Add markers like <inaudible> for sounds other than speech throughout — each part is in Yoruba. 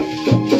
Thank you.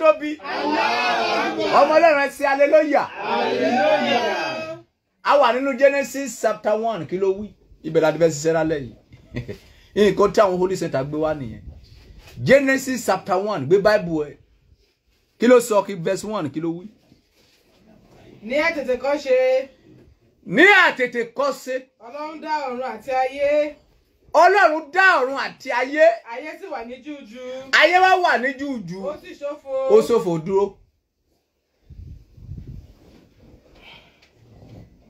tóbi ọmọ ọlọ́run ẹ ṣe hallelujah a wà nínú Genesis chapter one kí ló wí ibẹ̀ láti fẹ́ ṣiṣẹ́ lálẹ́ yìí <laughs> nǹkan tí àwọn holy center gbé wá nìyẹn Genesis chapter one gbé Bible ẹ kí ló sọ kí verse one kí ló wí. ní àtètèkọ́ṣe. ní àtètèkọ́ṣe. ọlọ́run dá ọ̀run àti ayé ọlọ́run dá ọ̀run àti ayé. ayé sì wà ní jújú. ayé wá wà ní jújú. ó sì ṣófo. ó ṣófo dúró.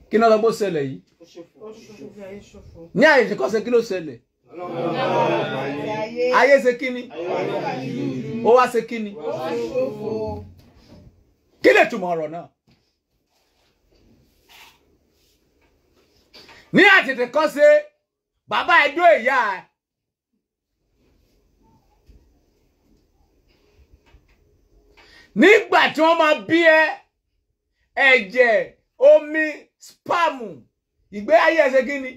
kí ni ọlọ́gbó ṣẹlẹ̀ yìí. ní àyè ìṣèkọ́sẹ́ kí ló ṣẹlẹ̀. ayé ṣe kí ni. ó wá ṣe kí ni. kí lè túmọ̀ ọ̀rọ̀ náà. ní àtètè kọ́ ṣe bàbá ẹ dó ìyá ẹ. nígbà tí wọ́n máa bí ẹ ẹ̀jẹ̀ omi spamu ìgbé ayé ẹsẹ̀ kí ni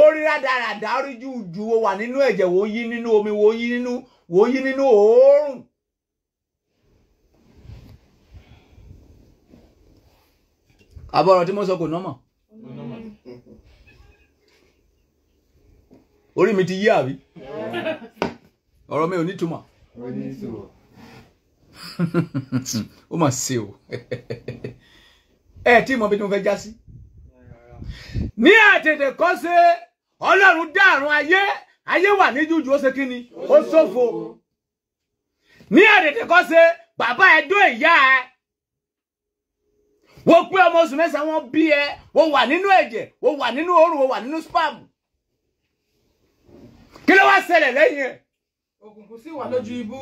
orí rádaràdà orí júùjù wo wà nínú ẹ̀jẹ̀ wo yí nínú omi wo yí nínú wo yí nínú òórùn. àbọ̀rọ̀ tí mo sọ kò nọ́mọ̀. orí mi ti yí àbí ọ̀rọ̀ mi ò ní túmọ̀ <laughs> ó mà ṣe o <laughs> ẹ tí mo bí tí mo fẹ́ já sí. ní àtètè kọ́ ṣe ọlọ́run dàrún ayé ayé wà ní jújù ó ṣe kí ni ó ṣòfò ní àtètè kọ́ ṣe bàbá ẹ dó ìyá ẹ wọ́n pé ọmọ oṣù mẹ́sàn-án wọ́n bí ẹ wọ́n wà nínú ẹ̀jẹ̀ wọ́n wà nínú òórùn wọ́n wà nínú spam kí ló wá ṣẹlẹ̀ lẹ́yìn ẹ̀. òkùnkùn sì wà lójú ibú.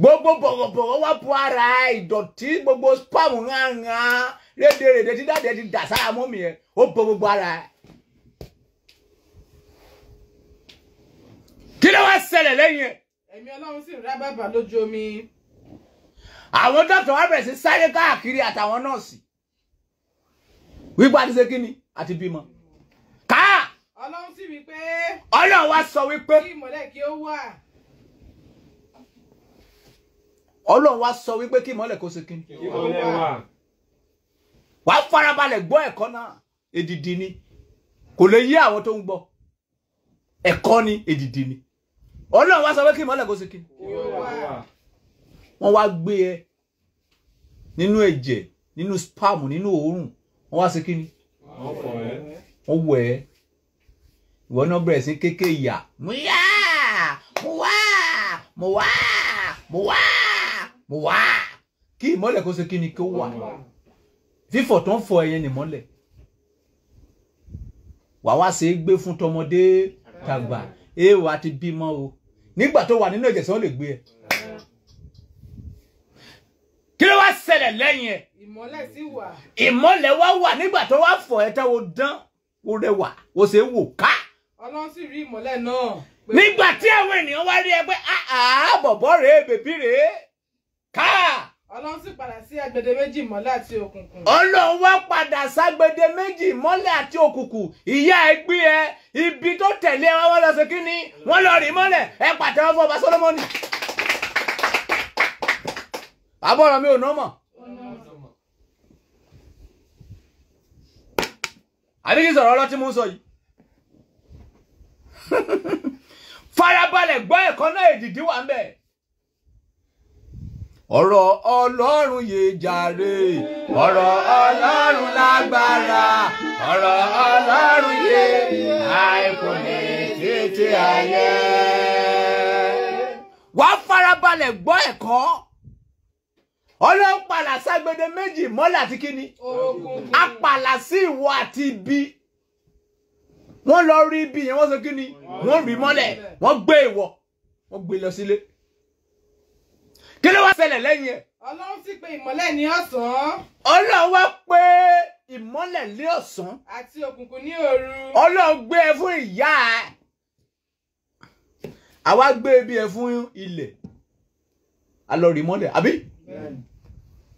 gbogbo bọ̀gọ̀bọ̀gọ̀ wá bu ara ìdọ̀tí gbogbo spam náà ń hàn rédèrèdè tí dáadé ti dà sára mú mi yẹn ó bọ gbogbo ara ẹ̀. kí ló wá ṣẹlẹ̀ lẹ́yìn ẹ̀. ẹ̀mí ọlọ́run sì ń rá bàbà lójú omi. àwọn dọ́tọ̀ wá bẹ̀rẹ̀ sí sáré káàkiri àtàwọn nọ́ọ̀sì wípé àti ṣe kí ni àti bímọ ọlọ́run sì wí pé. ọlọ́run wá sọ wípé. kí ìmọ́lẹ̀ kí ó wà. ọlọ́run wá sọ wípé kí ìmọ́lẹ̀ kó ṣe kí ni. ìmọ́lẹ̀ wà. wà á farabalẹ̀ gbọ́ ẹ̀kọ́ náà èdìdì ni kò lè yé àwọn tó ń gbọ́ ẹ̀kọ́ ni èdìdì ni ọlọ́run wá sọ pé kí ìmọ́lẹ̀ kó ṣe kí wọ́n wá gbé ẹ nínú ẹ̀jẹ̀ nínú spam nínú òórùn wọ́n wá ṣe kí ni. wọ́n wẹ̀ ẹ́ ìwọ náà bẹ̀rẹ̀ sí kéèké ìyà mo yá mo wá mo wá mo wá mo wá kí ìmọ́lẹ̀ kó ṣe kí ni kó wà fífọ̀ tó ń fọ ẹyẹn nìmọ́lẹ̀ wà wá ṣe é gbé fún tọmọdé tàgbà èèwà ti bímọ o nígbà tó wà nínú ẹ̀jẹ̀ sọ́n lè gbé ẹ kí ló wá ṣẹlẹ̀ lẹ́yìn ẹ̀ ìmọ́lẹ̀ sì wà ìmọ́lẹ̀ wá wà nígbà tó wá fọ̀ ẹ́ tá o dán o rẹwà o ṣe wò ká ọlọ́run sì rí ìmọ́lẹ̀ náà. nígbà tí àwọn ènìyàn wá rí ẹgbẹ́ ah, ah, bọ̀bọ̀ rèé bèbí rèé ká. ọlọ́run sì padà sí agbede méjì ìmọ́lẹ̀ àti òkùnkùn. ọlọ́run wá padà ságbede méjì ìmọ́lẹ̀ àti òkùnkùn ìyá ẹ ẹ ibi tó tẹ̀lé ẹ wọ́n lọ sí kí ni wọ́n lọ rí mọ́lẹ̀ ẹ pàtẹ́wọ́ fún ọba Sólómọ́nì. àbọ̀rọ̀ mi ò ná mọ̀. àbí sọ̀rọ̀ ọlọ́tí mú sọ yìí. <laughs> farabalẹ̀ gbọ́ ẹ̀kọ́ náà èdìdí wà ń bẹ̀. ọ̀rọ̀ ọlọ́run yìí jàre ọ̀rọ̀ ọlọ́run lágbára ọ̀rọ̀ ọlọ́run yìí àìkò ní títí ayé. wàá farabalẹ̀ gbọ́ ẹ̀kọ́ ọlọ́run pàlà ságbede méjì mọ́lẹ̀ àti kíni apàlà sí ìwọ àti ibi wọ́n lọ rí ibi yẹn wọ́n sọ kí ni wọ́n rí mọ́lẹ̀ wọ́n gbé ìwọ̀ wọ́n gbé lọ sílé kí ló wá ṣẹlẹ̀ lẹ́yìn ẹ̀. ọlọ́run sì pe ìmọ́lẹ̀ ní ọ̀sán. ọlọ́run wá pé ìmọ́lẹ̀ ní ọ̀sán. àti òkùnkùn ní òru. ọlọ́run gbé e fún ìyá ẹ̀ àwa gbé ibi ẹ̀ fún ilẹ̀ a lọ rí mọ́lẹ̀ àbí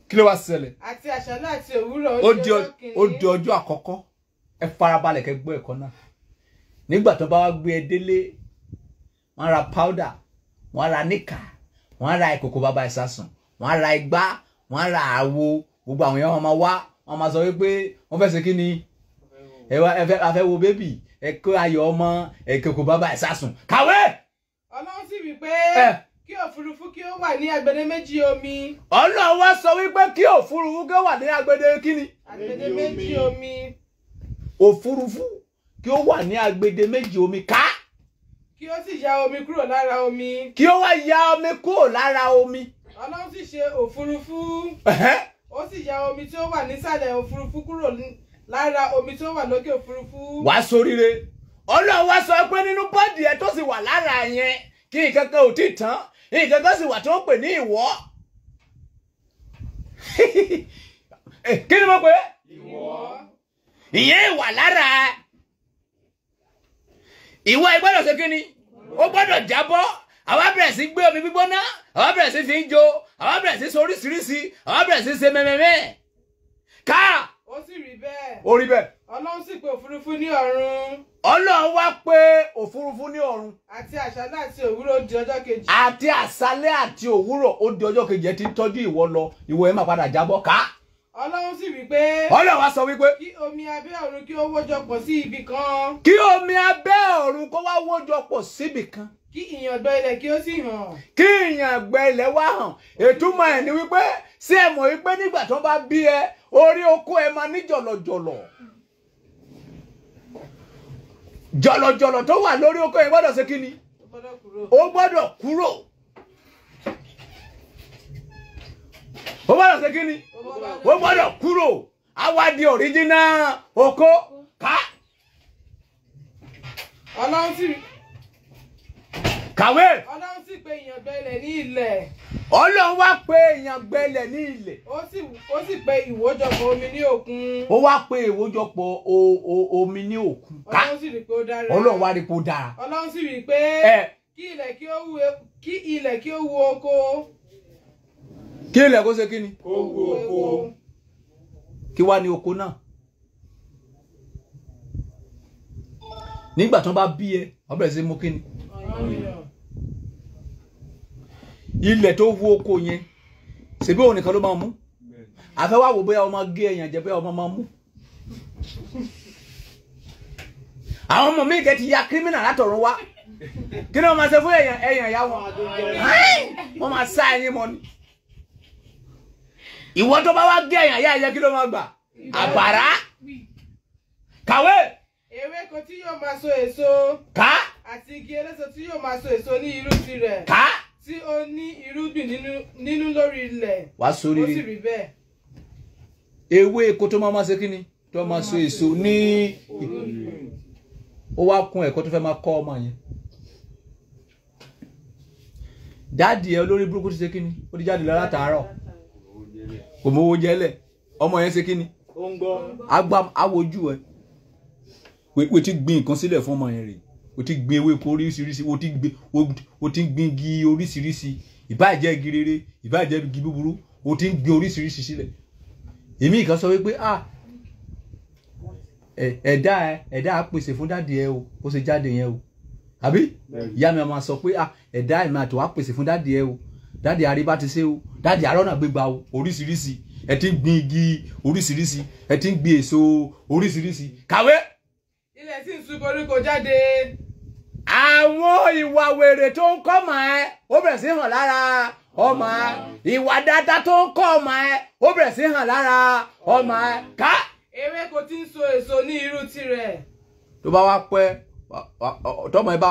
kí ló wá ṣẹlẹ̀. àti àṣálẹ́ àti òwúrọ̀ ó di ọjọ́ kìíní. ó di ọjọ́ àkọ́kọ́ ẹ farabalẹ̀ kẹ́ gbọ́ ẹ̀kọ́ náà nígbà tó bá wá gbé ẹ e délé ra powder wọ́n ra níkà wọ́n ra ìkòkò bàbá ìsásùn wọ́n ra igbá wọ́n ra àwo gbogbo àwọn èèyàn wọ́n máa wá wọ́n máa sọ wípé wọ́n fẹ́ ṣe kí ni a fẹ́ wo bébì ẹ kó ayọ̀ ọmọ ìkòkò bàbá ìsásùn kàwé. ọlọ́run sì wí pé kí òfurufú kí ó wà ní agbede méjì omi. ọlọ́run wá sọ wípé kí òfurufú kí ó wà ní agbede kí ni. agbede méjì omi. òfurufú kí ó wà ní agbede méjì omi ká. kí ó sì ya omi kúrò lára omi. kí ó wá ya omi kúrò lára omi. ọlọ́run sì ṣe òfurufú. ó sì ya omi tí ó wà nísàlẹ̀ òfurufú kúrò lára omi tí ó wà lókè òfurufú. wá soríire ọlọ́run wá sọ pé nínú bọ́ọ̀dì ẹ tó sì wà lára yẹn kí nǹkan kan ò tí ì tán nǹkan kan sì wà tó ń pè ní ìwọ. <laughs> kí ni mo pè é. ìwọ. ìyẹn ìwà lára ìwọ ẹ gbọ́dọ̀ ṣe kíni ó gbọ́dọ̀ jábọ́ àwa bẹ̀rẹ̀ sí gbé omi gbígbóná àwa bẹ̀rẹ̀ sí fi ń jo àwa bẹ̀rẹ̀ sí so oríṣiríṣi àwa bẹ̀rẹ̀ sí ṣe mẹ́mẹ́mẹ́ ká. ó sì rí bẹ́ẹ̀. ó rí bẹ́ẹ̀. ọlọ́run sì pè òfurufú ní ọ̀run. ọlọ́run wá pè òfurufú ní ọ̀run. àti àṣálẹ́ àti òwúrọ̀ ó di ọjọ́ kejì. àti àṣálẹ́ àti òwúrọ̀ ó di ọjọ́ kejì ẹ ti tọ́jú ìwọ lọ ìwọ ẹ máa padà jábọ́ ká ọlọ́run sì wípé. ọlọ́run wá sọ wípé. kí omi abẹ́ ọ̀run kí ó wójọpọ̀ sí ibì kan. kí omi abẹ́ ọ̀run kó wá wójọpọ̀ síbì kan. kí ìyàngbẹ ilẹ̀ kí ó sì hàn. kí ìyàngbẹ ilẹ̀ wá hàn ètúmọ̀ ẹ̀ ni wípé ṣé ẹ mọ̀ wípé nígbà tó bá bí ẹ orí oko ẹ máa ní jọ̀lọ̀jọ̀lọ̀ jọ̀lọ̀jọ̀lọ̀ tó wà lórí oko ẹ gbọ́dọ̀ ṣe kí ni ó gbọ́dọ̀ kúrò. ó gbọ́dọ̀ ṣe kí ni ó gbọ́dọ̀ kúrò àwa di ọ̀ríjínà oko ká. ọlọ́run sì kàwé. ọlọ́run sì pe èèyàn gbẹlẹ̀ ní ilẹ̀. ọlọ́run wá pe èèyàn gbẹlẹ̀ ní ilẹ̀. ó sì ó sì pe ìwójọpọ̀ omi ní òkun. ó wá pe ìwójọpọ̀ omi ní òkun. ọlọ́run sì rí i pé ó dára. ọlọ́run wá rí i pé ó dára. ọlọ́run rí pé kí ilẹ̀ kí ó wu oko. kí ilẹ̀ ṣe kí kí wá ní oko náà. nígbà tí wọ́n bá bí ẹ wọ́n bẹ̀rẹ̀ sí mú ilẹ̀ tó oko yẹn ṣèbí òun nìkan ló máa mú ya kírímìnà látọ̀run wá kí ni wọ́n máa ṣe fún ẹ̀yàn ìwọ tó bá wá gé èèyàn yá ẹyẹ kí ló máa gbà àgbàrá kàwé. ewéko tí yóò máa so èso. ká. àti igi eléso tí yóò máa so èso ní irú tirẹ̀. ká. tí ó ní irúgbìn nínú lórí ilẹ̀. wá sórí rí ó sì rí bẹ́ẹ̀. ewéko tó máa máa ṣe kí ni tó máa so èso ní ó wá kún ẹ̀kọ́ tó fẹ́ máa kọ́ ọmọ yẹn dáàdì ẹ olórí burúkú ti ṣe kí ni ó ti jáde lọ látàárọ̀ kò mówó jẹ́lẹ̀ ọmọ yẹn ṣe kíni awojú ẹ o ti gbin nǹkan sílẹ̀ fún ọmọ yẹn rè o ti gbin ewéko oríṣiríṣi o ti gbin igi oríṣiríṣi ìbáàjẹ́ igi rere ìbáàjẹ́ igi búburú o ti ń gbin oríṣiríṣi sílẹ̀ èmi kan sọ wípé ah ẹ̀dá ẹ ẹ̀dá pèsè fún dáàdì ẹ o ó ṣe jáde yẹn o àbí ìyá mi máa sọ pé ah ẹ̀dá ẹ̀mí àtọ̀ wá pèsè fún dáàdì ẹ o dáàdì àríbá ti ṣe o dáàdì àrọ́nà gbégbá o oríṣiríṣi ẹ ti ń gbin igi oríṣiríṣi ẹ ti ń gbin èso oríṣiríṣi kàwé. ilẹ̀ sì ń sun koríko jáde. àwọn ìwà wèrè tó ń kọ́ mọ̀ ẹ́ ó bẹ̀rẹ̀ sí hàn lára ọmọ ẹ ìwà dáadáa tó ń kọ́ ọmọ ẹ ó bẹ̀rẹ̀ sí hàn lára ọmọ ẹ ká. ewéko tí ń so èso ní irú tirẹ̀. tó bá wá pẹ́ tọmọ ẹ bá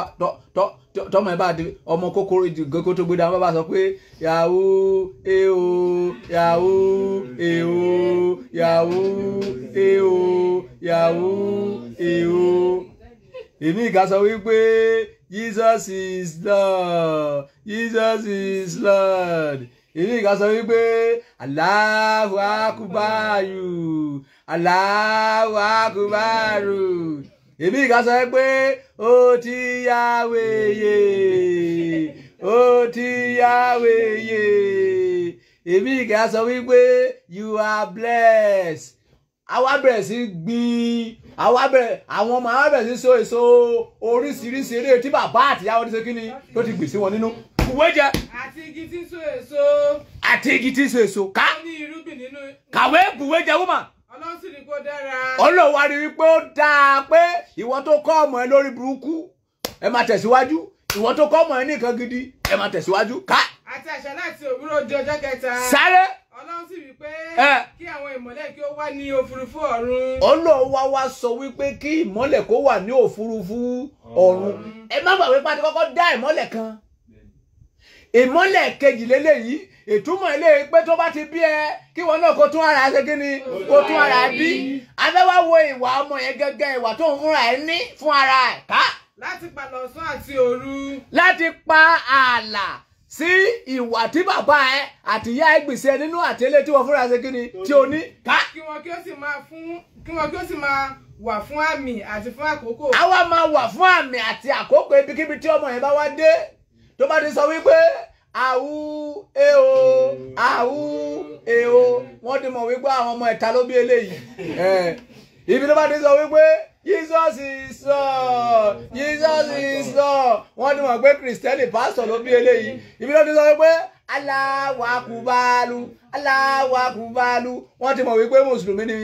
tọmọ ẹ bá di ọmọ kókóró ìdìgókó tó gbéra bá sọ pé yahoo eo yahoo eo yahoo eo yahoo e eo èmi ìka sọ wípé Jesus is Lord Jesus is Lord èmi ìka sọ wípé Allahu akubaru Allahu akubaru èmi ìka sọ pé ó ti yá wèyè ó ti yá wèyè èmi ìka sọ wípé you are blessed àwa bẹ̀rẹ̀ sí gbin àwa bẹ̀rẹ̀ àwọn ọmọ àwa bẹ̀rẹ̀ sí so èso oríṣiríṣi eré tí bàbá àtìyá wọn ti ṣe kí ni tó ti gbèsè wọn nínú ìwé jẹ. àti igi tí so èso. àti igi tí so èso. ká. ó ní irúgbìn nínú. kàwé bùwé jẹ wúmà ọlọ́run sì ni kó dára. ọlọ́run wá rí wípé ó dáa pé ìwọ tó kọ́ ọmọ ẹ lórí burúkú ẹ máa tẹ̀síwájú ìwọ tó kọ́ ọmọ ẹ nìkan gidi ẹ máa tẹ̀síwájú ká. àti àṣà láti òwúrọ̀ di ọjọ́ kẹta. sáré. ọlọ́run sì wí pé kí àwọn ìmọ́lẹ̀ kí ó wà ní òfurufú ọ̀run. ọlọ́run wá wá sọ wípé kí ìmọ́lẹ̀ kó wà ní òfurufú ọ̀run ẹ má gbàgbé pàtó dá ìmọ́lẹ̀ kan ìmọ́lẹ̀ kejì lélẹ́yìí ìtumọ̀ ilé pé tó bá ti bí ẹ kí wọn náà kó tún ara ṣe kí ni kó tún ara bí afẹ́wá wo ìwà ọmọ yẹn gẹ́gẹ́ ìwà tó ń fúnra ẹ ní fún ara ẹ ká. láti pa lọ́sán àti òru. láti pa ààlà sí ìwà tí bàbá ẹ àti ìyá ẹ gbèsè nínú àtẹlẹ tí wọn fúnra ṣe kí ni tí o ní ká. kí wọn kí ó sì máa fún kí wọn kí ó sì máa wà fún àmì àti fún àkókò. àwa máa wà fún àmì àti àkókò ibikíbi tí ọmọ yẹn bá wá dé tó bá ti sọ wípé àwú èèwò e àwú èèwò e wọ́n ti mọ̀ wípé àwọn ọmọ ẹ̀ta ló bí eléyìí <laughs> ibi tó bá ti sọ wípé Jesus is Lord Jesus is Lord wọ́n ti mọ̀ pé kristẹni pásítọ̀ ló bí eléyìí ibi tó ti sọ wípé aláwàkúbálú aláwàkúbálú wọ́n ti mọ̀ wípé mùsùlùmí ni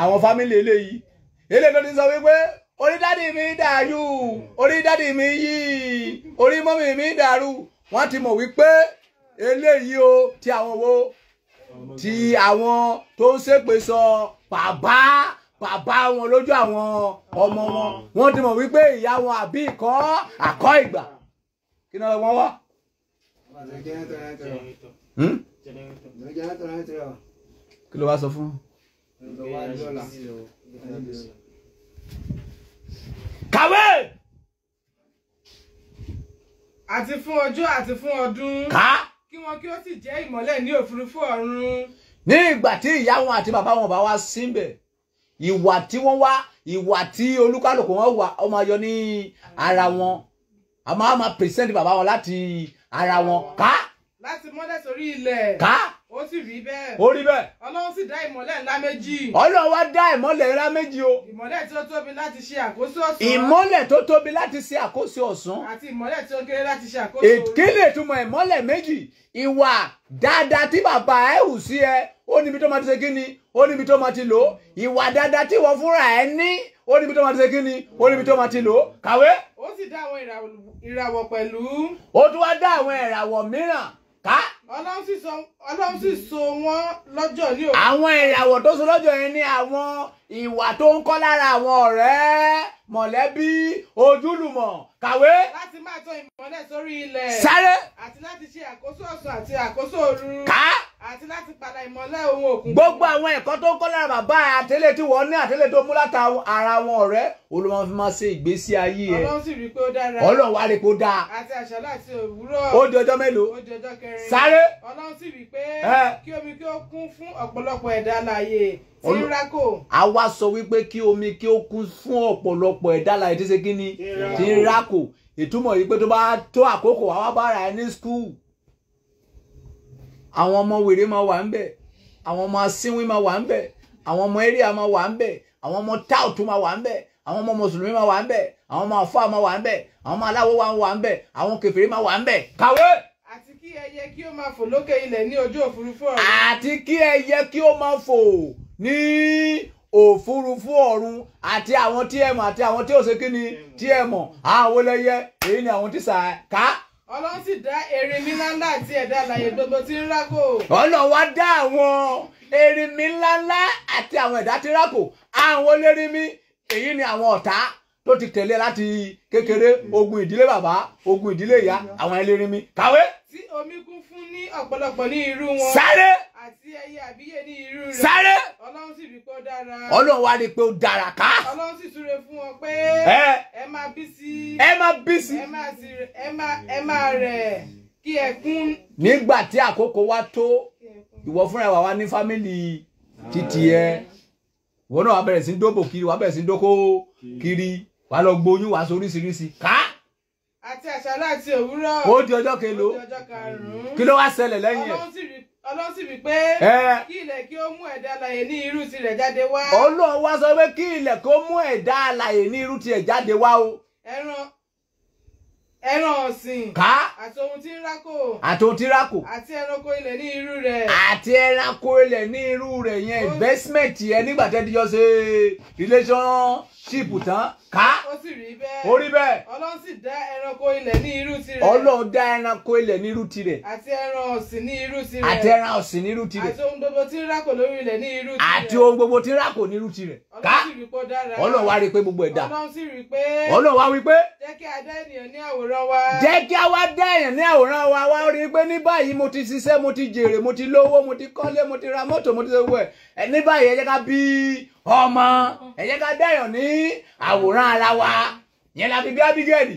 àwọn fámìlì eléyìí eléyìí tó ti sọ wípé orí dádì mi dàrú orí dádì mi yí orí mọ́mì mi dàrú wọ́n ti mọ̀ wípé eléyìí o ti àwọn wo ti àwọn tó ń ṣépè sọ bàbá bàbá wọn lójú àwọn ọmọ wọn wọ́n ti mọ̀ wípé ìyá wọn àbí ìkọ́ àkọ́ ìgbà kí ni wọ́n wá. Hmm? kí ló wá sọ fún kàwé. àti fún ọjọ́ àti fún ọdún. ká. kí wọn kí ó sì jẹ́ ìmọ́lẹ̀ ní òfurufú ọ̀run. ní ìgbà tí ìyá wọn àti bàbá wọn bá wá síbẹ̀ ìwà tí wọ́n wá ìwà tí olúkálùkù wọn wà ó máa ní ara wọn a máa máa pèsè bàbá wọn láti ara wọn ká. láti mọ́lẹ̀ sórí ilẹ̀. ká ó sì rí bẹ́ẹ̀. ó rí bẹ́ẹ̀. ọlọ́run sì dá ìmọ́lẹ̀ ńlá méjì. ọlọ́run wá dá ìmọ́lẹ̀ ńlá méjì o. ìmọ́lẹ̀ tí ó tóbi láti ṣe àkóso ọ̀sán. ìmọ́lẹ̀ tó tóbi láti ṣe àkóso ọ̀sán. àti ìmọ́lẹ̀ tí ó kéré láti ṣe àkóso òru. ìkíni ìtumọ̀ ìmọ́lẹ̀ méjì ìwà dáadáa tí bàbá ẹ hù sí ẹ ó níbi tó máa ti ṣe kí ni ó níbi tó máa ti lò ó ìwà dáadáa tí wọ́n fúnra ẹ ní ó níbi tó máa ti ṣe kí ni ó níbi tó máa ti lò ó kàwé. ó sì dá àwọn ìràwọ̀ pẹ̀lú. ó tún wá dá àwọn ìràwọ̀ mìíràn ká ọlọ́run sì so wọ́n lọ́jọ́ ní òkú. àwọn ìràwọ̀ tó so lọ́jọ́ yẹn ni àwọn ìwà tó ń kọ́ lára àwọn ọ̀rẹ́ mọ̀lẹ́bí ojúlùmọ̀ kàwé. láti máa tọ́ ìmọ̀lẹ̀ sórí ilẹ̀. sáré. àti láti ṣe àkóso ọ̀sán àti àkóso òru. ká. àti láti padà ìmọ̀lẹ̀ ohun òkùnkùn. gbogbo àwọn ẹ̀kọ́ tó ń kọ́ lára bàbá àtẹ́lẹ̀ tí wọ́n ní àtẹ́lẹ̀ tó mú láta ara wọn ọ̀rẹ́ olùmọ̀ fi máa ṣe ìgbésí ayé ẹ̀. ọlọ́run sì rí pé ó dára. ọlọ́run wá rí pé ó dáa. àti àṣálẹ́ àti a wá sọ wípé kí omi kí ó kún fún ọ̀pọ̀lọpọ̀ ẹ̀dá láì tí ṣe kí ni tí ń rákò ìtumọ̀ yìí pé tó bá tó àkókò àwa bá ra ẹ ní skul àwọn ọmọ wèrè máa wà ń bẹ̀ àwọn ọmọ asínwín máa wà ń bẹ̀ àwọn ọmọ eria máa wà ń bẹ̀ àwọn ọmọ táùtù máa wà ń bẹ̀ àwọn ọmọ mùsùlùmí máa wà ń bẹ̀ àwọn ọmọ àfáà máa wà ń bẹ̀ àwọn ọmọ aláwo máa wà ń bẹ̀ àwọn kèfèrí máa wà ń bẹ̀ kàwé àti kí ẹyẹ kí ó máa fò lókè ilẹ̀ ní ojú òfurufú ọ̀run. àti kí ẹyẹ kí ó máa fò ní òfurufú ọ̀run àti àwọn tí ẹ mọ̀ àti àwọn tí ò ṣe kí ni tí ẹ mọ̀ àwọn olóyè èyí ni àwọn tí sàká ọlọ́run sì dá erin ńlá ńlá àti ẹ̀dá alààyè gbogbo tí ń rákò. ọlọ́run wá dá àwọn erin ńlá ńlá àti àwọn ẹ̀dá tí ń rákò àwọn olérin mi èyí ni àwọn ọ̀tá tó ti tẹ̀lé láti kékeré ogun ìdílé bàbá ogun ìdílé ìyá àwọn elérin mi kàwé. tí omi kún fún ní ọ̀pọ̀lọpọ̀ ní irú wọn. sáré àti ẹyẹ àbíyè ní irú rẹ̀. sáré. ọlọ́run sì rí pé ó dára. ọlọ́run wá rí pé ó dára ká. ọlọ́run sì súre fún wọn pé. ẹ ẹ máa bí sí. ẹ máa bí ẹ máa sì ẹ máa ẹ máa rẹ̀ kí ẹ kún. nígbà tí àkókò wa tó ìwọ fúnra wa wá ní fámìlì títí ẹ ìwọ náà wàá bẹ̀rẹ̀ sí dóbò kiri wàá bẹ̀rẹ̀ sí dókó kiri wàá lọ gbóyún wàá so oríṣiríṣi ká àti àṣálẹ́ àti òwúrọ̀. ó di ọjọ́ kelo kí ló wá ṣẹlẹ̀ lẹ́yìn ẹ̀. ọlọ́run sì rí ọlọ́run sì wí pé kí ilẹ̀ kí ó mú ẹ̀dá alààyè ní irú tirẹ̀ jáde wá. olóò wá sọ pé kí ilẹ̀ kó mú ẹ̀dá alààyè ní irú tirẹ̀ jáde wá o. ẹran ẹran ọ̀sìn. ká àti ohun tí ń rákò. àti ohun tí ń rákò. àti ẹranko ilẹ̀ ní irú rẹ̀. àti ẹranko ilẹ̀ ní irú rẹ̀ yẹn investment yẹn nígbà tẹ́ ti jọ ṣe relationship tán. ká. ó sì rí bẹ́ẹ̀. ó rí bẹ́ẹ̀. ọlọ́run sì dá ẹranko ilẹ̀ ní irú tirẹ̀. ọlọ́run dá ẹranko ilẹ̀ ní irú tirẹ̀. àti ẹran ọ̀sìn ní irú tirẹ̀. àti ẹran ọ̀sìn ní irú tirẹ̀. àti ohun gbogbo tí ń rákò lórí ilẹ̀ ní irú tirẹ̀. àti ohun gbogbo tí ń rákò ní irú tirẹ̀. ká ọlọ́run wá rí i pé gbogbo ẹ̀ dá. ọlọ́run wá rí i pé. ọlọ́run wá wí pé. jẹ́ kí a dá ènìyàn ní àwòrán wa. jẹ́ kí a wá dá ènìyàn ní àwòrán wa wá rí i pé ní báyìí mo ti ṣiṣẹ́ mo ti jèrè mo ti lówó mo ti kọ́lé mo ti ra mọ́tò mo ti ṣe ní báyìí ẹ jẹ́ ká bí ọmọ ẹ jẹ́ ká dẹ̀yàn ní àwòrán ara wa yẹn la fi bí Abigail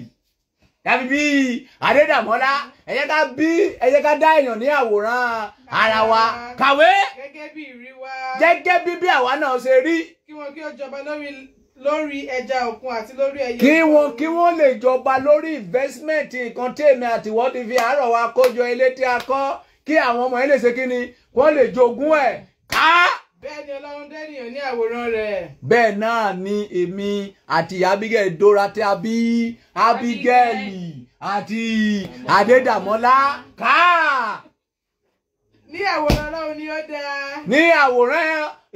la fi bí Adédàmọ́lá ẹ jẹ́ ká bí ẹ jẹ́ ká dẹ̀yàn ní àwòrán ara wa kàwé gẹ́gẹ́ bí bí àwa náà ṣe rí. kí wọn kí ó lórí lórí ẹja òkun àti lórí ẹyẹ. kí wọn kí wọn lè jọba lórí investment nǹkan tèmi àtiwọ́ ti fi àárọ̀ wa kójọ ilé tí a kọ́ kí àwọn ọmọ yẹn lè ṣe kí ni wọ́n lè jogún ẹ̀ ká bẹ́ẹ̀ ni ọlọ́run dẹ́nìyàn ní àwòrán rẹ̀. bẹ́ẹ̀ náà ni èmi àti abigail dorate abi abigail àti adédàmọ́lá ká. ní àwòrán ọlọ́run ni ó dáa. ní àwòrán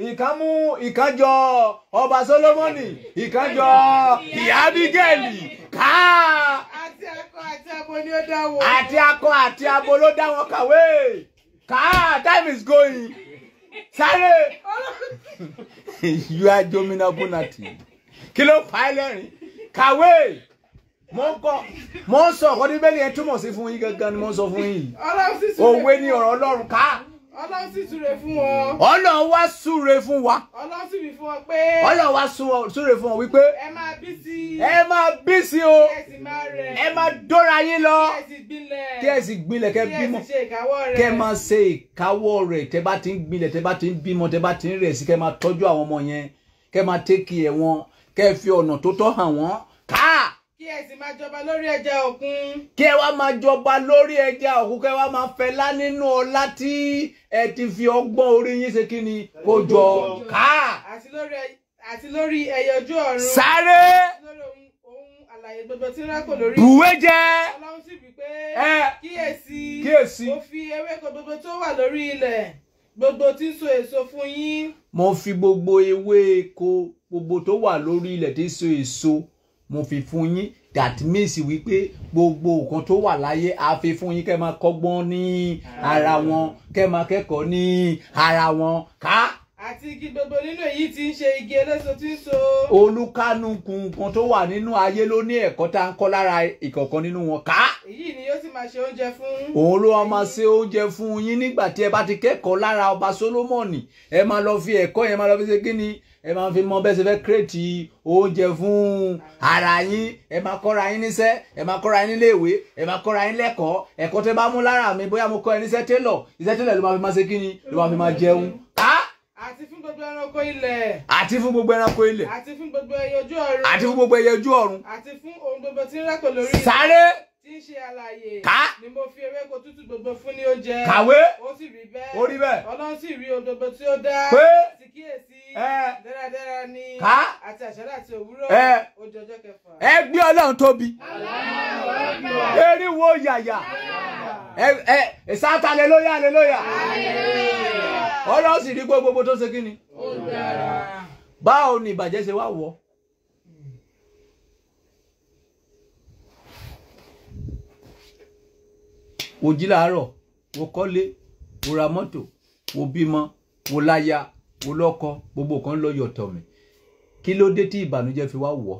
ìkan mú ìkan jọ ọba solomoni ìkan jọ ìyá abigail ká. àti akọ àti abo ni ó dá wọn. àti akọ àti abo ló dá wọn kàwé ká time is going sáré yíyá jomina bonati kí ló fà á lẹ́rìn kàwé mo kọ mo sọ ọ̀kọ́ níbẹ̀ ni ẹ túmọ̀ sí fún yín gangan ni mo ń sọ fún yín òwe ni ọ̀rọ̀ ọlọ́run ká ọlọ́run sì súre fún wọn. ọlọ́run wá súre fún wa. ọlọ́run sì wí fún wọn pé. ọlọ́run wá súre fún wọn wípé. ẹ máa bí sí. ẹ máa bí sí o. kí ẹ sì máa rẹ̀. ẹ máa dóra yín lọ. kí ẹ sì gbilẹ̀. kí ẹ sì gbilẹ̀ kẹ bímọ. kí ẹ sì ṣe ìkáwọ́ rẹ̀. kẹ máa ti ń gbilẹ̀ tẹ bá ti ń bímọ tẹ bá ti ń rẹ̀ sí kẹ máa tọ́jú àwọn ọmọ yẹn kẹ máa tẹ́kì ẹ̀ wọn kẹ fi ọ̀nà tó tọ́ hàn wọ́n káà kí ẹ sì máa jọba lórí ẹja òkun. kí ẹ wá máa jọba lórí ẹja òkun kẹ wá máa fẹlá nínú ọlá tí ẹ ti fi ọgbọ́n orí yín ṣe kí ni kó jọ ká. àti lórí ẹyẹ ojú ọ̀run. sáré. lórí ohun àlàyé gbogbo tí rákò lórí. bùwé jẹ. ọlọ́run sì wí pé kíyèsí kíyèsí mo fi ewéko gbogbo tó wà lórí ilẹ̀ gbogbo tí so èso fún yín. mo fi gbogbo ewéko gbogbo tó wà lórí ilẹ̀ tí so èso mo fi fún yín that means wípé gbogbo nǹkan tó wà láyé a fi fún yín kẹ́ máa kọ́gbọ́n ní ara wọn kẹ́ máa kẹ́kọ̀ọ́ ní ara wọn ká. àti igi gbogbo nínú èyí tí ń ṣe igi eléso tí ń so. olúkálùkù nǹkan tó wà nínú ayé ló ní ẹ̀kọ́ tá ń kọ́ lára ìkọ̀ọ̀kan nínú wọn ká. èyí ni yóò sì máa ṣe oúnjẹ fún. òun ló wá máa ṣe oúnjẹ fún yín nígbà tí ẹ bá ti kẹ́kọ̀ọ́ lára ọba Sólómọ́nì ẹ máa lọ fi ẹ̀kọ́ yẹn máa ni ẹ máa fi mọ bẹ́ẹ̀ ṣe fẹ́ kírètì oúnjẹ fún ara yín ẹ máa kọ́ra yín níṣẹ́ ẹ máa kọ́ra yín nílé ìwé ẹ máa kọ́ra yín lẹ́kọ̀ọ́ ẹ̀kọ́ tẹ́ bá mú lára mi bóyá mo kọ́ ẹ níṣẹ́ télọ̀ iṣẹ́ télọ̀ ló máa fi máa ṣe kíni ló máa fi máa jẹun. àti fún gbogbo ẹranko ilẹ̀. àti fún gbogbo ẹranko ilẹ̀. àti fún gbogbo ẹyẹ ojú ọ̀run. àti fún gbogbo ẹyẹ ojú ọ̀run. àti fún ohun gbogbo tí ń rákò lórí. sáré tí ń ṣe àlàyé. ká. ni mo fi ewéko tútù gbogbo fún ní oúnjẹ. kàwé. ó sì rí bẹ́ẹ̀. ó rí bẹ́ẹ̀. ọlọ́run sì rí òdodo tí ó dá. pé. sì kíyèsí. ẹ. dáradára ni. ká. àti àṣálẹ́ àti òwúrọ̀. ẹ. ojú ọjọ́ kẹfà. ẹ gbé ọlọ́run tóbi. eriwo yàyà. ẹ ẹ ẹ sáta aleluya aleluya. ọlọ́run sì rí gbogbo tó ṣe kí ni. báwo ni ìbàjẹ́ ṣe wá wọ̀ wo jí láàárọ̀ wo kọ́lé wo ra mọ́tò wo bímọ wo láya wo lọ́kọ gbogbo kan lọ yọ̀tọ̀ mi kí ló dé tí ìbànújẹ́ fi wá wọ̀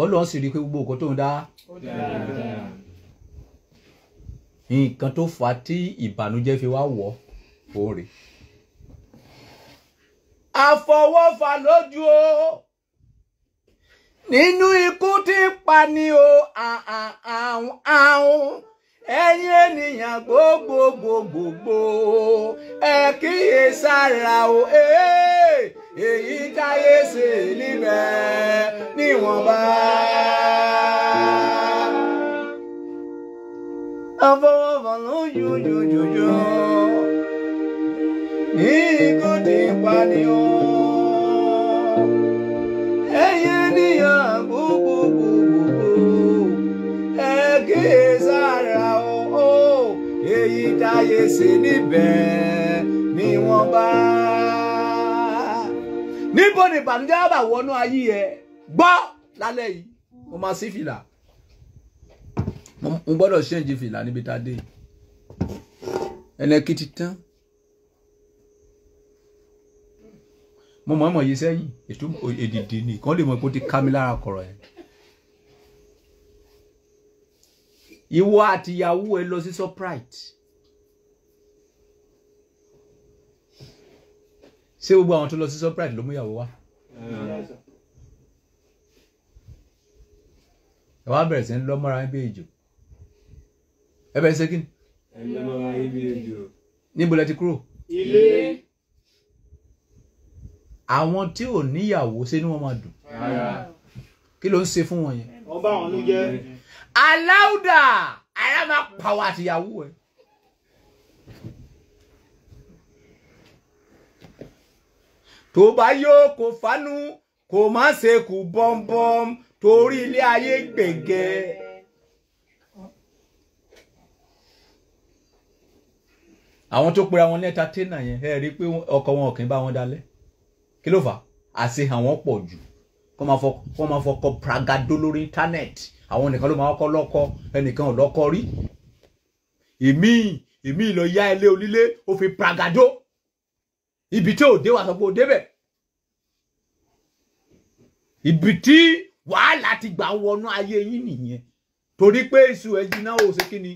ọlọ́run sì rí i pé gbogbo nǹkan tó ń dá nǹkan tó fà á tí ìbànújẹ́ fi wá wọ̀ òun rèé àfọwọ́fà lójú o nínú ikú tí ń pa ni o àhàn àhàn ẹ̀yin ènìyàn gbogbogbogbogbò ẹ kíyè sára o eh, èyí káyèsè níbẹ̀ níwọ̀nba. afọwọ́fọ ló yún yún yún yún ní ikú ti pa ni ó. táyé ṣe níbẹ̀ ni wọ́n bá. níbo ni ìbànújẹ́ àbà wọnú ayé ẹ gbọ́ lálẹ́ yìí mo máa sí fìlà mo gbọ́dọ̀ ṣẹ́ǹjì fìlà níbi tá a dé ẹnẹ́kìtì tán mo mọ̀ mọ̀ yìí sẹ́yìn ètò èdìdì nìkan lè mọ̀ pé ti ká mi lára kọ̀rọ̀ ẹ̀. ìwọ àtìyàwó ẹ lọ sí Shoprite ṣé gbogbo àwọn tó lọ sí Shoprite ló mú ìyàwó wá. ẹ wá bẹ̀rẹ̀ sí ń lọ mọ́ra bí ejò ẹ bẹ̀rẹ̀ sí kí ni. ẹ lọ mọ́ra bí ejò. níbo lẹ ti kúrò. ilé. àwọn tí ò níyàwó ṣe ni wọ́n máa dùn. kí ló ń ṣe fún wọn yẹn. wọ́n bá ló jẹ́. aláùdà ara máa pàwọ́ àtìyàwó ẹ̀. tó bá yóò kó fánú kó má ṣe kú bọ́m̀bọ́m torí ilé ayé gbẹ̀gẹ́. àwọn tó pera wọn ní ẹ̀ńtátẹ́nà yẹn ẹ rí i pé ọkọ wọn ọ̀kìn bá wọn dalẹ̀ kí ló fà á àṣe àwọn pọ̀ jù kó máa fọkọ pragado lórí íńtánẹ́ẹ̀tì àwọn nìkan ló máa kọ́ lọ́kọ ẹnìkan ò lọ́kọ rí èmi èmi lọ yá ilé onílé ó fi pragado ibi tí òde wà sọ pé òde bẹ̀ ibi tí wàhálà ti gbà wọnú ayé yín nìyẹn torí pé iṣu ẹ jiná ò ṣe kí ni.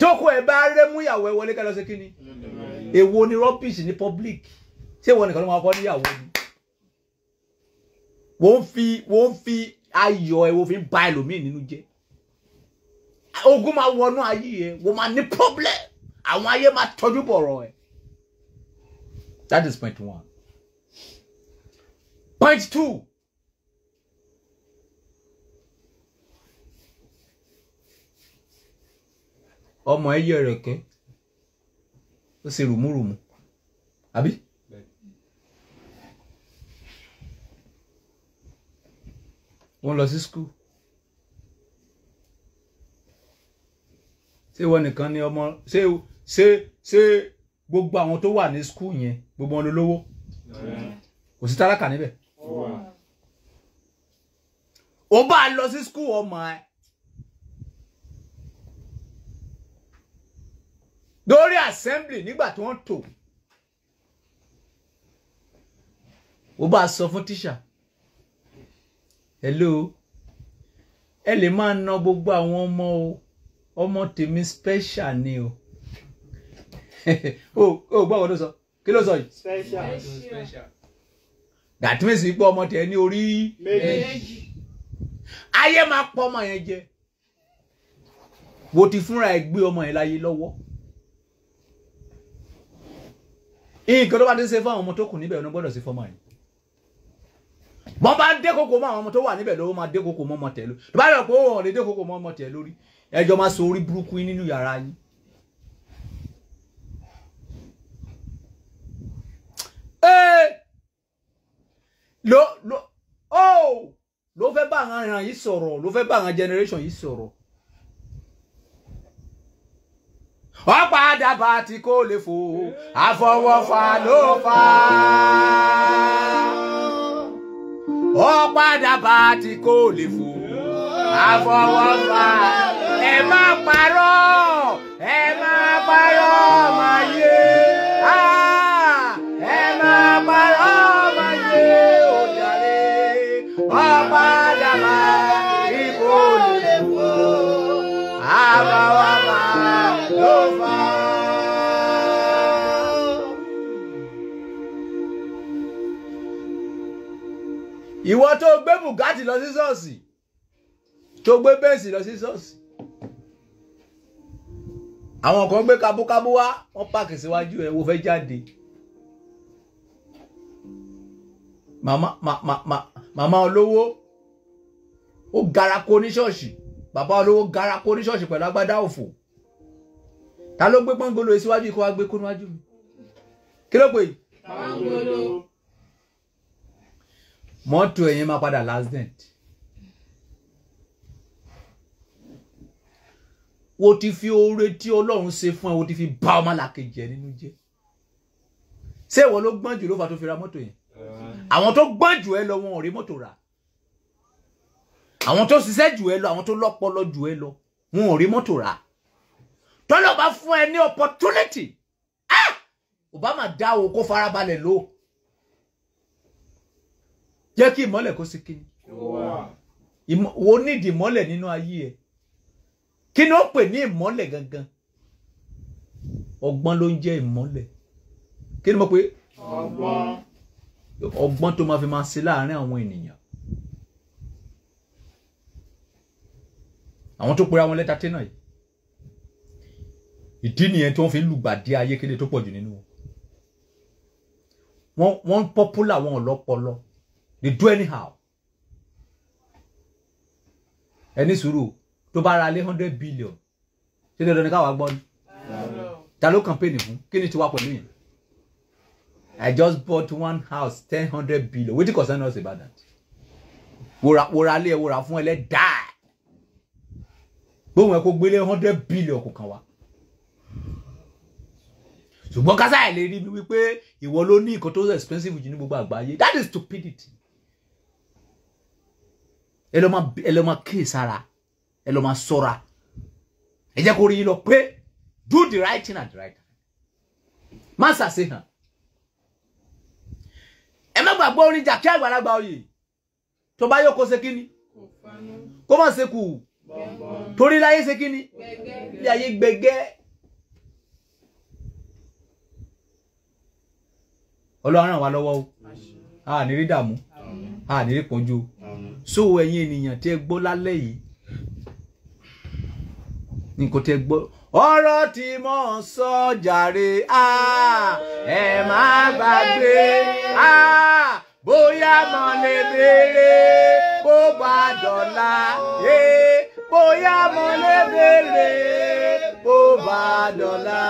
tókò ẹ bá rẹ mú ìyàwó ẹ wọlé ká lọ ṣe kí ni èwo ni rọpìsì ní public ṣé ìwọ nìkan ló máa kọ níyàwó ni wọ́n fi wọ́n fi ayọ̀ ẹ wọ́n fi ba ẹlòmíì nínú jẹ́ ogun máa wọnú ayé yẹn wọ́n máa ní problem àwọn ayé máa tọ́jú bọ̀rọ̀ ẹ̀. that is point one. point two. ọmọ ẹ yẹ rẹ kẹ ó ṣe rùmúrùmù àbí. wọ́n lọ sí skul ṣé ìwọ nìkan ni ọmọ ṣé ṣé ṣé gbogbo àwọn tó wà ní skul yẹn gbogbo wọn ló lówó kò sí tálákà níbẹ̀ ó bá a lọ sí skul ọmọ ẹ lórí assembly nígbà tí wọ́n tò ó bá a sọ fún tíṣà hello ẹ lè máa na gbogbo àwọn ọmọ o ọmọ tèmi special ni o o <laughs> o oh, oh, gbọ́ wọn ló sọ kí ló sọ yìí. special that means pé ọmọ tẹ ní orí. méjì. ayé máa pọ̀ ọmọ yẹn jẹ wo ti fúnra ẹ gbé ọmọ yẹn láyé lọ́wọ́ nǹkan tó bá ti ń ṣe fún àwọn ọmọ tó kù níbẹ̀ ọ̀nà gbọ́dọ̀ sí fọ́mọ yẹn bọ́n bá ń dékòkò mọ́ àwọn ọmọ tó wà níbẹ̀ lọ́wọ́ máa dékòkò mọ́ ọmọ tẹ̀ lórí tó bá yọ pé ó hàn lè dékòkò mọ́ ọmọ tẹ̀ lórí ẹjọ́ máa so orí burúkú nínú yàrá yín ló eh! ló oh, ló fẹ́ bá àwọn ìran yìí sọ̀rọ̀ ló fẹ́ bá àwọn generation yìí sọ̀rọ̀ ọ̀pá dábà tí kò lè fò àfọwọ́fà ló fà ọ̀pá dábà tí kò lè fò àfọwọ́fà ẹ má parọ́ ẹ má parọ́ máa yé. Ah! wa màmá ló fà á. ìwọ tó gbé bùgátì lọ sí ṣọ́ọ̀ṣì tó gbé bẹ́ǹsì lọ sí ṣọ́ọ̀ṣì àwọn kan gbé kábúkábú wá wọ́n pààkì síwájú ẹ̀ wo fẹ́ jáde màmá màmá màmá olówó ó gara ko ní ṣọ́ọ̀ṣì bàbá olówó gara kó oníṣọ́ọ̀ṣì pẹ̀lú agbádá òfò ta ló gbé pọ́ngolo yìí síwájú kó wá gbé kó níwájú mi kí ló pè é. mọ́tò ẹ̀yìn máa padà last dent. wo ti fi oore tí ọlọ́run ṣe fún ẹ wo ti fi bà ọmọ làkejì ẹ nínú jẹ́ ṣé ìwọ ló gbọ́n jù ló fà tó fi ra mọ́tò yẹn àwọn tó gbọ́n jù ẹ lọ wọn ò rí mọ́tò rà àwọn tó ṣiṣẹ́ jù ẹ lọ àwọn tó lọ́pọlọ jù ẹ lọ wọn ò rí mọ́tò rà tọ́lọ̀ bá fún ẹ ní opportunity ah! obama dá o kó farabalẹ̀ lò jẹ́ kí ìmọ́lẹ̀ kó sí kíni wo nídìí ìmọ́lẹ̀ nínú ayé ẹ kí ni ó pè ní ìmọ́lẹ̀ gangan ọgbọ́n ló ń jẹ́ ìmọ́lẹ̀ kí ni mo pè ọgbọ́n ọgbọ́n tó máa fi máa ṣe láàárín àwọn ènìyàn àwọn tó pera wọn lẹ́tàtẹ́nà yìí ìdí nìyẹn tí wọ́n fi lùgbàdì ayékéde tó pọ̀ jù nínú wọn wọ́n ń popular wọn ọ̀lọ́pọlọ they do anyhow ẹni sùúrù tó bá ra lé hundred billion ṣé dandan ni káwa gbọ́ ni ta ló campaign fún kí ni tiwa pẹ̀lú yẹn I just bought one house ten hundred billion wetin concern us about that wòrà wòrà lé ẹ wòrà fún ẹ lẹ́dàá gbóhùn ẹ kó gbélé hundred billion kò kàn wá ṣùgbọ́n kásá ẹ̀ lè rí mi wípé ìwọ ló ní nǹkan tó expensive jù ní gbogbo àgbáyé that is stupidity ẹ lọ máa ẹ lọ máa kíyè sára ẹ lọ máa sọ́ra ẹ jẹ́ kó rí yín lọ pé do the right thing at the right time má ṣàṣehàn ẹ má gbàgbọ́ orin jà kí àgbàlagbà oyè tó bá yọ kó ṣe kí ni kó má ṣe kù torí láyé ṣe kí ni bí ayé gbẹgẹ́ ọlọ́run ràn lọ́wọ́ o a ní rí dààmú a ní rí pọ́njú so ẹ̀yin ènìyàn tí ẹ gbọ́ lálẹ́ yìí nǹkan tí ẹ gbọ́ ọ̀rọ̀ tí mo sọ jàre ẹ má gbàgbé bóyá mo lè béèrè bó bá dọ̀la. Yeah bóyá mo lè béèrè bó bá dọ̀la.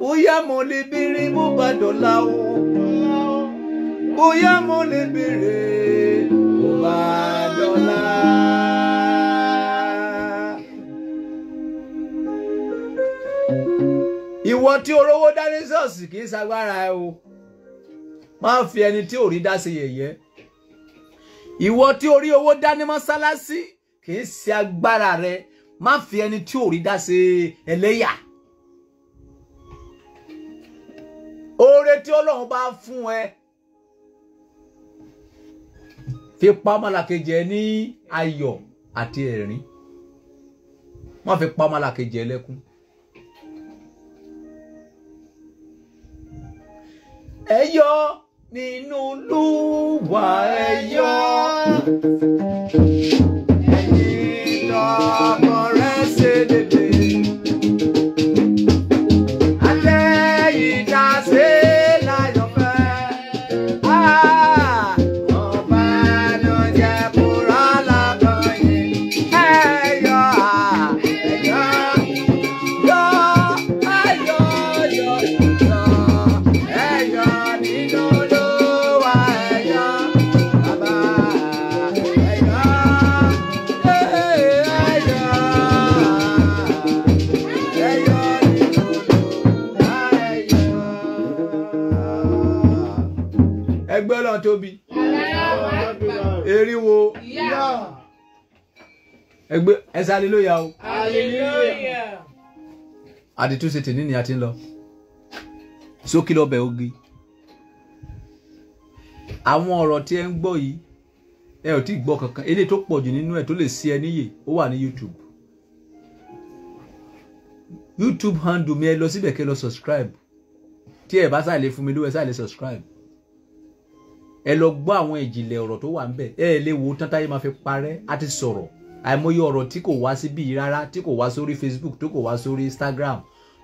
bóyá mo lè béèrè bó bá dọ̀la o. bóyá mo lè béèrè bó bá dọ̀la. ìwọ tí o rówó dání ṣọ́ọ̀ṣì kì í ṣagbára ẹ o máa fi ẹni tí ò rí dá ṣe yẹ̀yẹ́ ìwọ tí orí owó dání mọ́sálásí kì í ṣe agbára rẹ má fi ẹni tí ò rí dá ṣe ẹlẹ́yà. oore tí ọlọ́run bá fún ẹ fi pa ọmọlàkejì ẹ ní ayọ̀ àti ẹ̀rín má fi pa ọmọlàkejì ẹ lẹ́kún. ẹ yọ nínú Olúwa ẹ̀yọ́ ẹ̀yìn tọ́pọ̀. ẹgbẹ́ ẹsẹ̀ aleluya o. aleluya. àdìtúnṣe tèmi ni a ti ń lọ sókè lọ́bẹ̀ ogi àwọn ọ̀rọ̀ tí ẹ ń gbọ́ yìí ẹ ò tí ì gbọ́ kankan eléyìí tó pọ̀ jù nínú ẹ̀ tó lè sí ẹ níyè ó wà ní YouTube YouTube handle mi ẹ lọ síbẹ̀ kẹ́ lọ subscribe tí ẹ bá ṣàlè fún mi lówó ẹ ṣàlè subscribe ẹ lọ gbọ́ àwọn ìjìnlẹ̀ ọ̀rọ̀ tó wà ń bẹ̀ ẹ lè wo tán táyé máa fi parẹ́ á ti sọ̀rọ̀ àìmọye ọ̀rọ̀ tí kò wá síbí yìí rárá tí kò wá sórí Facebook tó kò wá sórí Instagram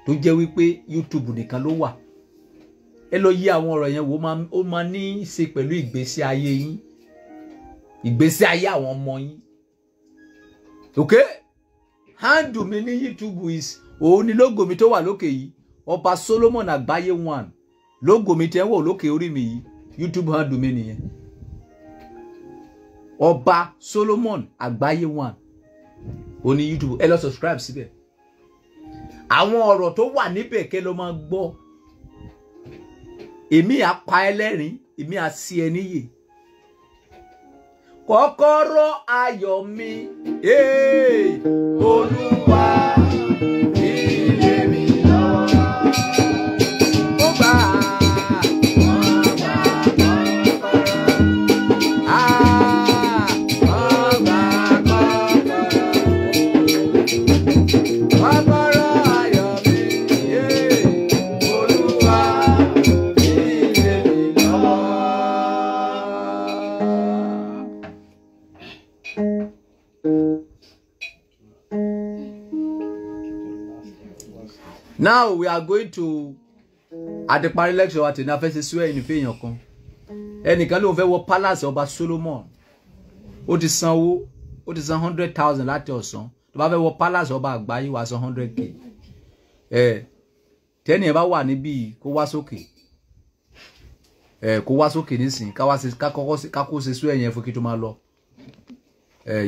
tó jẹ́ wípé YouTube nìkan ló wà ẹ lọ yí àwọn ọ̀rọ̀ yẹn wò ó máa ní í ṣe pẹ̀lú ìgbésí ayé yín ìgbésí ayé àwọn ọmọ yín ok handle mi ní YouTube is òun ni lógo mi tó wà lókè yìí ọba Solomon àgbáyé one lógo mi tẹ́ wọ̀ lókè orí mi yìí YouTube handle mi nìyẹn ọba Solomon àgbáyé one ó ní YouTube ẹ lọ subscribe síbẹ̀ àwọn ọ̀rọ̀ tó wà níbẹ̀ kẹ́ ló máa gbọ́ èmi á pa ẹlẹ́rìn èmi á sí ẹ níyè kọ́kọ́rọ́ ayọ̀ mi hey, now we are going to àtìparí lecture wa tèmi afẹ́ ṣe swear ẹni fẹ́ èèyàn kan ẹnìkan ló ń fẹ́ wọ palace ọba Solomon ó ti san owó ó ti san hundred thousand láti ọ̀sán tó bá fẹ́ wọ palace ọba àgbáyé wàá san hundred k ẹ tẹ́nìyàn bá wà níbí kó wá sókè ẹ kó wá sókè nísìnyí ká kọ́kọ́ ká kó ṣe swear ẹ̀yẹn fún kí tó máa lọ.